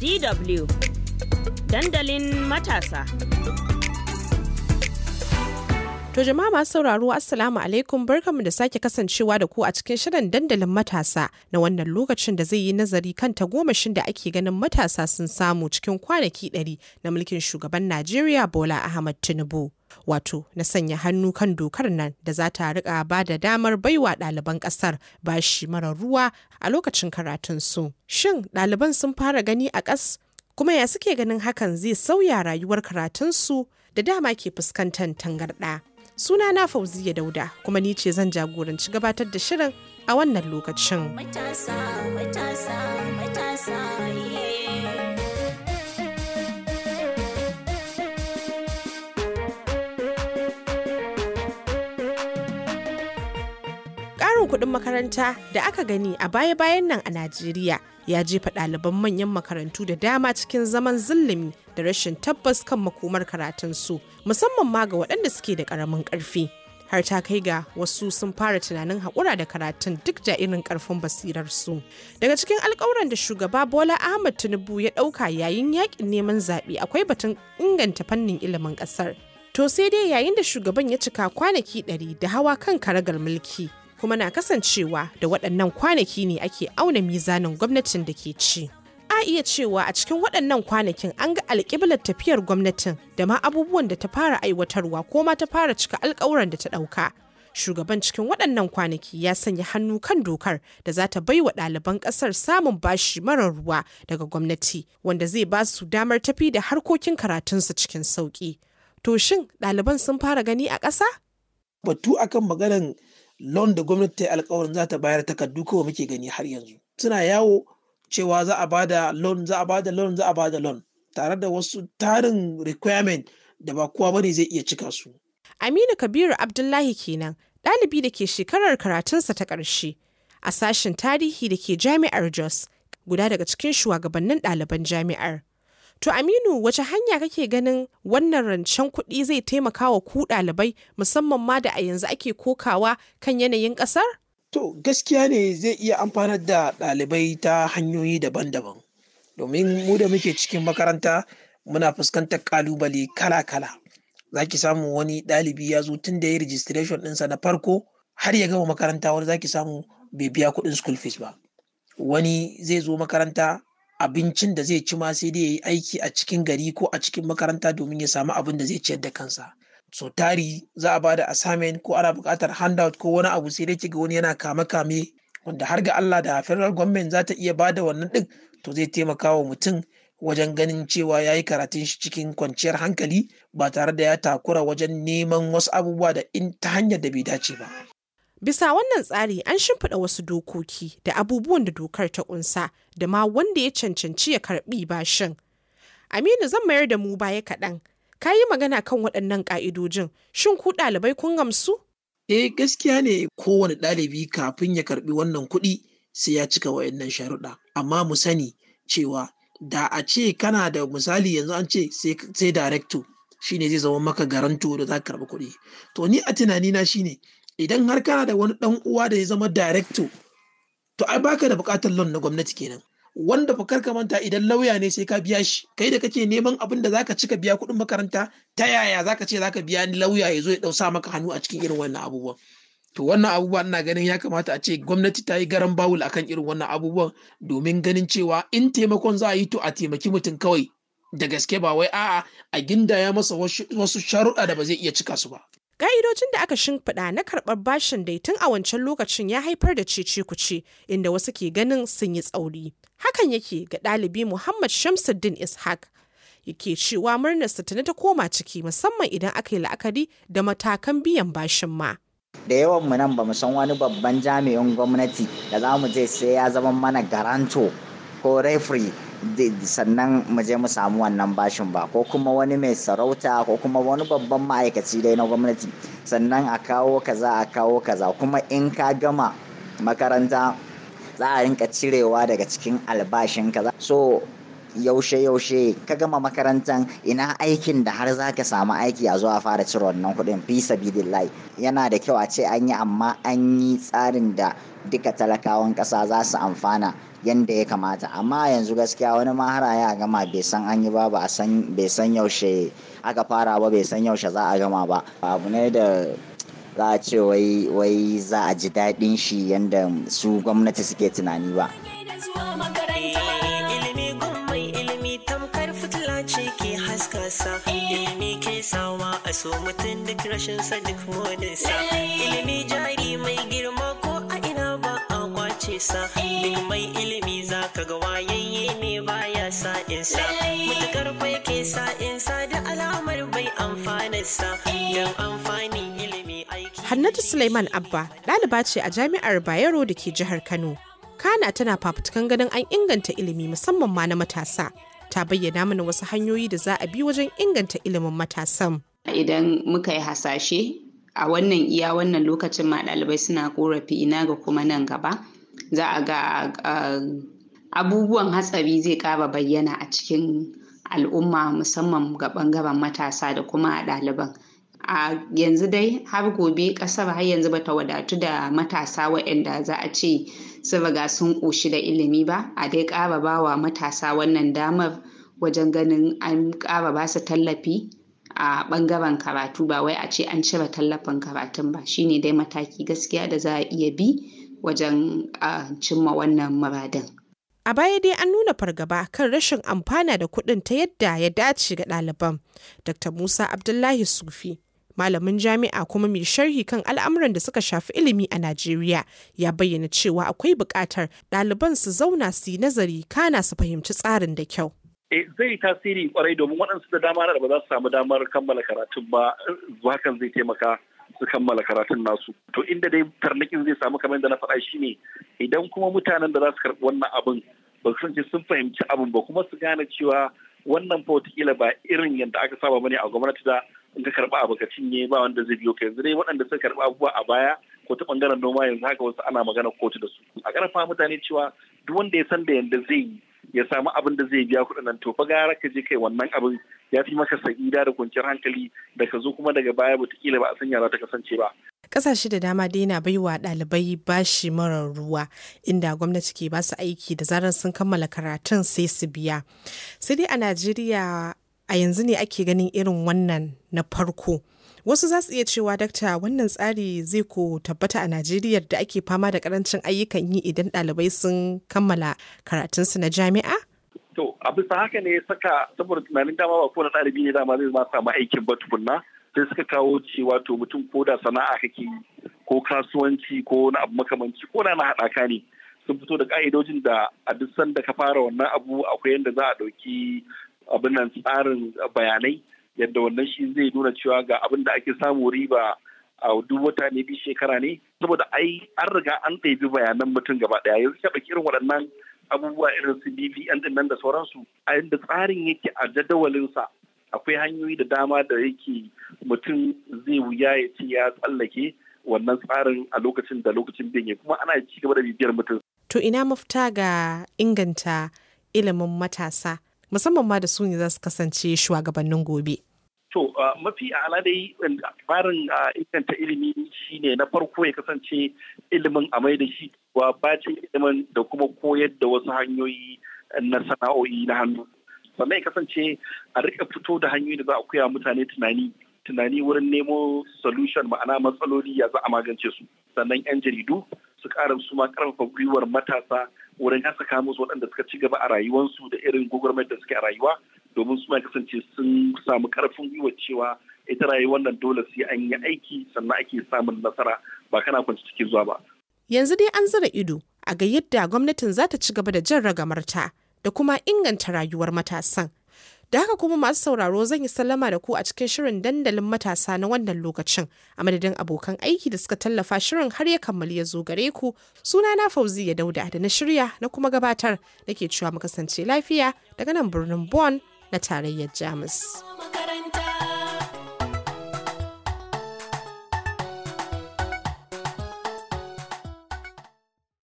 DW dandalin matasa. To jama'a masu sauraro Assalamu alaikum barkamu da sake kasancewa da ku a cikin shirin dandalin matasa na wannan lokacin da zai yi nazari kan tagomashin da ake ganin matasa sun samu cikin kwanaki ɗari na mulkin shugaban Najeriya Bola Ahmad Tinubu. Wato na sanya hannu kan dokar nan da za ta riƙa ba da damar baiwa ɗaliban ƙasar bashi marar ruwa a lokacin karatunsu. Shin ɗaliban sun fara gani a ƙas kuma ya suke ganin hakan zai sauya rayuwar karatunsu da dama ke fuskantar tangarɗa. Suna na fauzi ya Dauda kuma ni ce zan jagoranci gabatar da shirin a wannan lokacin. Matasa, matasa, matasa. Karin kuɗin makaranta da aka gani a baya-bayan nan a Najeriya ya jefa ɗaliban manyan makarantu da dama cikin zaman zullumi da rashin tabbas kan makomar karatunsu musamman ma ga waɗanda suke da ƙaramin ƙarfi. har ta kai ga wasu sun fara tunanin haƙura da karatun duk da irin ƙarfin basirarsu. Daga cikin alƙawuran da shugaba Bola Ahmed Tinubu ya ɗauka yayin yaƙin neman zaɓe akwai batun inganta fannin ilimin ƙasar. To sai dai yayin da shugaban ya cika kwanaki ɗari da hawa kan karagar mulki kuma na kasancewa da waɗannan kwanaki ne ake auna mizanin gwamnatin da ke ci. A iya cewa a cikin waɗannan kwanakin an ga alƙiblar tafiyar gwamnatin da ma abubuwan da ta fara aiwatarwa ko ma ta fara cika alƙawuran da ta ɗauka. Shugaban cikin waɗannan kwanaki ya sanya hannu kan dokar da za ta baiwa ɗaliban ƙasar samun bashi marar ruwa daga gwamnati wanda zai ba su damar tafi da harkokin karatunsu cikin sauƙi. To shin ɗaliban sun fara gani a ƙasa? Batu akan maganar loan da gwamnati ta yi alkawarin za ta bayar takardu kawai muke gani har yanzu suna yawo cewa za a bada loan za a bada loan za a bada loan tare da wasu tarin requirement da ba kowa bane zai iya cika su Aminu Kabiru Abdullahi kenan ɗalibi da ke shekarar karatunsa ta ƙarshe a sashen tarihi da ke jami'ar Jos guda daga cikin shugabannin ɗaliban jami'ar. To Aminu wace hanya kake ganin wannan rancen kuɗi zai taimaka wa ku ɗalibai musamman ma da a yanzu ake kokawa kan yanayin ƙasar? To gaskiya ne zai iya amfanar da ɗalibai ta hanyoyi daban-daban. Domin mu da muke cikin makaranta muna fuskantar ƙalubale kala-kala. Za ki samu wani ɗalibi ya zo tun da ya registration ɗinsa na farko har ya gama makaranta wani za ki samu bai biya kuɗin school fees ba. Wani zai zo makaranta abincin da zai ci ma sai dai ya yi aiki a cikin gari ko a cikin makaranta domin ya samu abin da zai ciyar da kansa so tari za a ba da assignment ko ana buƙatar handout ko wani abu sai dai ga wani yana kame kame wanda har ga Allah da federal government za ta iya ba da wannan ɗin to zai taimaka wa mutum wajen ganin cewa ya yi karatun shi cikin kwanciyar hankali ba tare da ya takura wajen neman wasu abubuwa da in ta hanyar da bai dace ba Bisa wannan tsari an shimfiɗa wasu dokoki da abubuwan da dokar ta ƙunsa da ma wanda ya cancanci ya karɓi bashin. Aminu zan mayar da mu baya kaɗan. Ka yi magana kan waɗannan ƙa'idojin, shin ku ɗalibai kun gamsu? Eh gaskiya ne kowane ɗalibi kafin ya karɓi wannan kuɗi sai ya cika wayannan sharuɗa. Amma mu sani cewa da a ce kana da misali yanzu an ce sai darekto shine zai zama maka garanto da za ka karɓi kuɗi. To ni a tunanina shi ne idan har kana da wani dan uwa da ya zama director to ai baka da bukatar loan na gwamnati kenan wanda fa ka manta idan lauya ne sai ka biya shi kai da kake neman abin da zaka cika biya kuɗin makaranta ta yaya zaka ce zaka biya ni lauya ya zo ya dausa maka hannu a cikin irin wannan abubuwan to wannan abubuwan ina ganin ya kamata a ce gwamnati ta yi garan bawul akan irin wannan abubuwan domin ganin cewa in taimakon za a yi to a taimaki mutum kawai da gaske ba wai a'a a ginda ya masa wasu sharuɗa da ba zai iya cika su ba Ƙa'idojin da aka shimfiɗa na karɓar bashin dai tun a wancan lokacin ya haifar da cece kuce inda wasu ke ganin sun yi tsauri. Hakan yake ga ɗalibi Muhammad Shamsuddin Ishaq yake cewa murnarsa tana ta koma ciki musamman idan aka yi la'akari da matakan biyan bashin ma. da yawan mu nan ba mu san wani babban jami'in gwamnati da za mu je sai ya zama mana garanto ko refri sannan mu je mu samu wannan bashin ba ko kuma wani mai sarauta ko kuma wani babban ma'aikaci dai na gwamnati sannan a kawo kaza a kawo kaza kuma in ka gama makaranta za a rinka cirewa daga cikin albashin kaza so yaushe yaushe ka gama makarantar ina aikin da har za ka samu aiki a zuwa fara cire wannan kuɗin fisa sabidillahi yana da kyau a ce an yi amma an yi tsarin da duka talakawan ƙasa za su amfana yadda ya kamata amma yanzu gaskiya wani mahara ya gama bai san an yi ba ba bai san yaushe aka fara ba bai san yaushe za a gama ba abu ne da za a ce wai za a ji daɗin shi yadda su gwamnati suke tunani ba. sa ilimi ke sawa a so mutum duk rashin sa duk sa ilimi jari mai girma ko a ina ba a kwace sa duk mai ilimi za ka ga wayayye ne baya sa sa mutukar kwai ke sa sa da alamar bai amfana sa don amfani ilimi aiki Hannatu Suleiman Abba ɗaliba ce a jami'ar Bayero da ke jihar Kano Kana tana fafutukan ganin an inganta ilimi musamman ma na matasa. ta bayyana mana wasu hanyoyi da za a bi wajen inganta ilimin matasan. Idan muka yi hasashe a wannan iya wannan lokacin ma ɗalibai suna korafi ina ga kuma nan gaba za a ga abubuwan hatsari zai ƙara bayyana a cikin al'umma musamman ga ɓangaren matasa da kuma a ɗaliban. a yanzu dai har gobe ƙasar har yanzu bata wadatu da matasa waɗanda za a ce sun ga sun ƙoshi da ilimi ba a dai ƙara ba wa matasa wannan damar wajen ganin an ƙara ba su tallafi a ɓangaren karatu ba wai a ce an cire tallafin karatun ba shine dai mataki gaskiya da za a iya bi wajen cimma wannan muradin. A baya dai an nuna fargaba kan rashin amfana da kuɗin ta yadda ya dace ga ɗaliban. Dr. Musa Abdullahi Sufi malamin jami'a kuma mai sharhi kan al'amuran da suka shafi ilimi a Najeriya ya bayyana cewa akwai bukatar ɗaliban su zauna su yi nazari kana su fahimci tsarin da kyau. Eh, zai tasiri kwarai domin waɗansu da dama da ba za su samu damar kammala karatun ba hakan zai taimaka su kammala karatun nasu to inda dai tarnakin zai samu kamar yadda na faɗa shi ne idan kuma mutanen da za su karɓi wannan abin ba su sun fahimci abin ba kuma su gane cewa wannan fa ba irin yadda aka saba bane a gwamnati da in ka karba abu ka cinye ba wanda zai biyo ka yanzu dai waɗanda suka karɓa abubuwa a baya ko ta ɓangaren noma yanzu haka wasu ana magana kotu da su a ƙarfafa mutane cewa duk wanda ya san da yanda zai yi ya samu abin da zai biya kuɗin nan to fa gara ka je kai wannan abin ya fi maka sa'ida da kwanciyar hankali da ka zo kuma daga baya wataƙila ba a sanya za ta kasance ba. Ƙasashe da dama dai na bai wa ɗalibai bashi marar ruwa inda gwamnati ke basu aiki da zarar sun kammala karatun sai su biya. Sai dai a Najeriya a yanzu ne ake ganin irin wannan na farko wasu za su iya cewa dakta wannan tsari zai ko tabbata a najeriya da ake fama da karancin ayyukan yi idan ɗalibai sun kammala karatunsu na jami'a to a haka ne saka saboda tunanin dama ba kowane ɗalibi ne dama zai ma samu aikin ba tukunna sai suka kawo cewa to mutum ko da sana'a kake ko kasuwanci ko na abu makamanci ko na haɗaka ne sun fito da ka'idojin da a duk sanda ka fara wannan abu akwai yadda za a ɗauki abin nan tsarin bayanai yadda wannan shi zai nuna cewa ga abin da ake samu riba a duk wata ne bi shekara ne saboda ai an riga an ɗebi bayanan mutum gaba ɗaya yanzu ɗauki irin waɗannan abubuwa irin su BVN ɗin nan da sauransu a yadda tsarin yake a jadawalinsa akwai hanyoyi da dama da yake mutum zai wuya ya ce ya tsallake wannan tsarin a lokacin da lokacin bin kuma ana ci gaba da bibiyar mutum. To ina mafita ga inganta ilimin matasa musamman ma da su ne za su kasance shugabannin gobe. To mafi ala dai barin inganta ilimi shi ne na farko ya kasance ilimin a mai da shi wa bacin ilimin da kuma koyar da wasu hanyoyi na sana'o'i na hannu. Sannan ya kasance a rika fito da hanyoyi da za a koya mutane tunani tunani wurin nemo solution ma'ana matsaloli ya za a magance su. Sannan 'yan jaridu su ƙara su ma ƙarfafa gwiwar matasa wurin ya saka musu waɗanda suka ci gaba a rayuwarsu da irin gwagwarmayar da suke a rayuwa domin suna kasance sun samu karfin gwiwa cewa ita rayuwar nan dole sai an yi aiki sannan ake samun nasara ba kana kwanci cikin zuwa ba. Yanzu dai an zira ido a ga yadda gwamnatin za ta ci gaba da jan ragamarta da kuma inganta rayuwar matasan. Da haka kuma masu sauraro zan yi sallama da ku a cikin shirin dandalin matasa na wannan lokacin a madadin abokan aiki da suka tallafa shirin har ya kammali ya zo gare ku suna na fauzi ya dauda da na shirya na kuma gabatar nake cewa mu kasance lafiya daga nan birnin Bonn na tarayyar Jamus.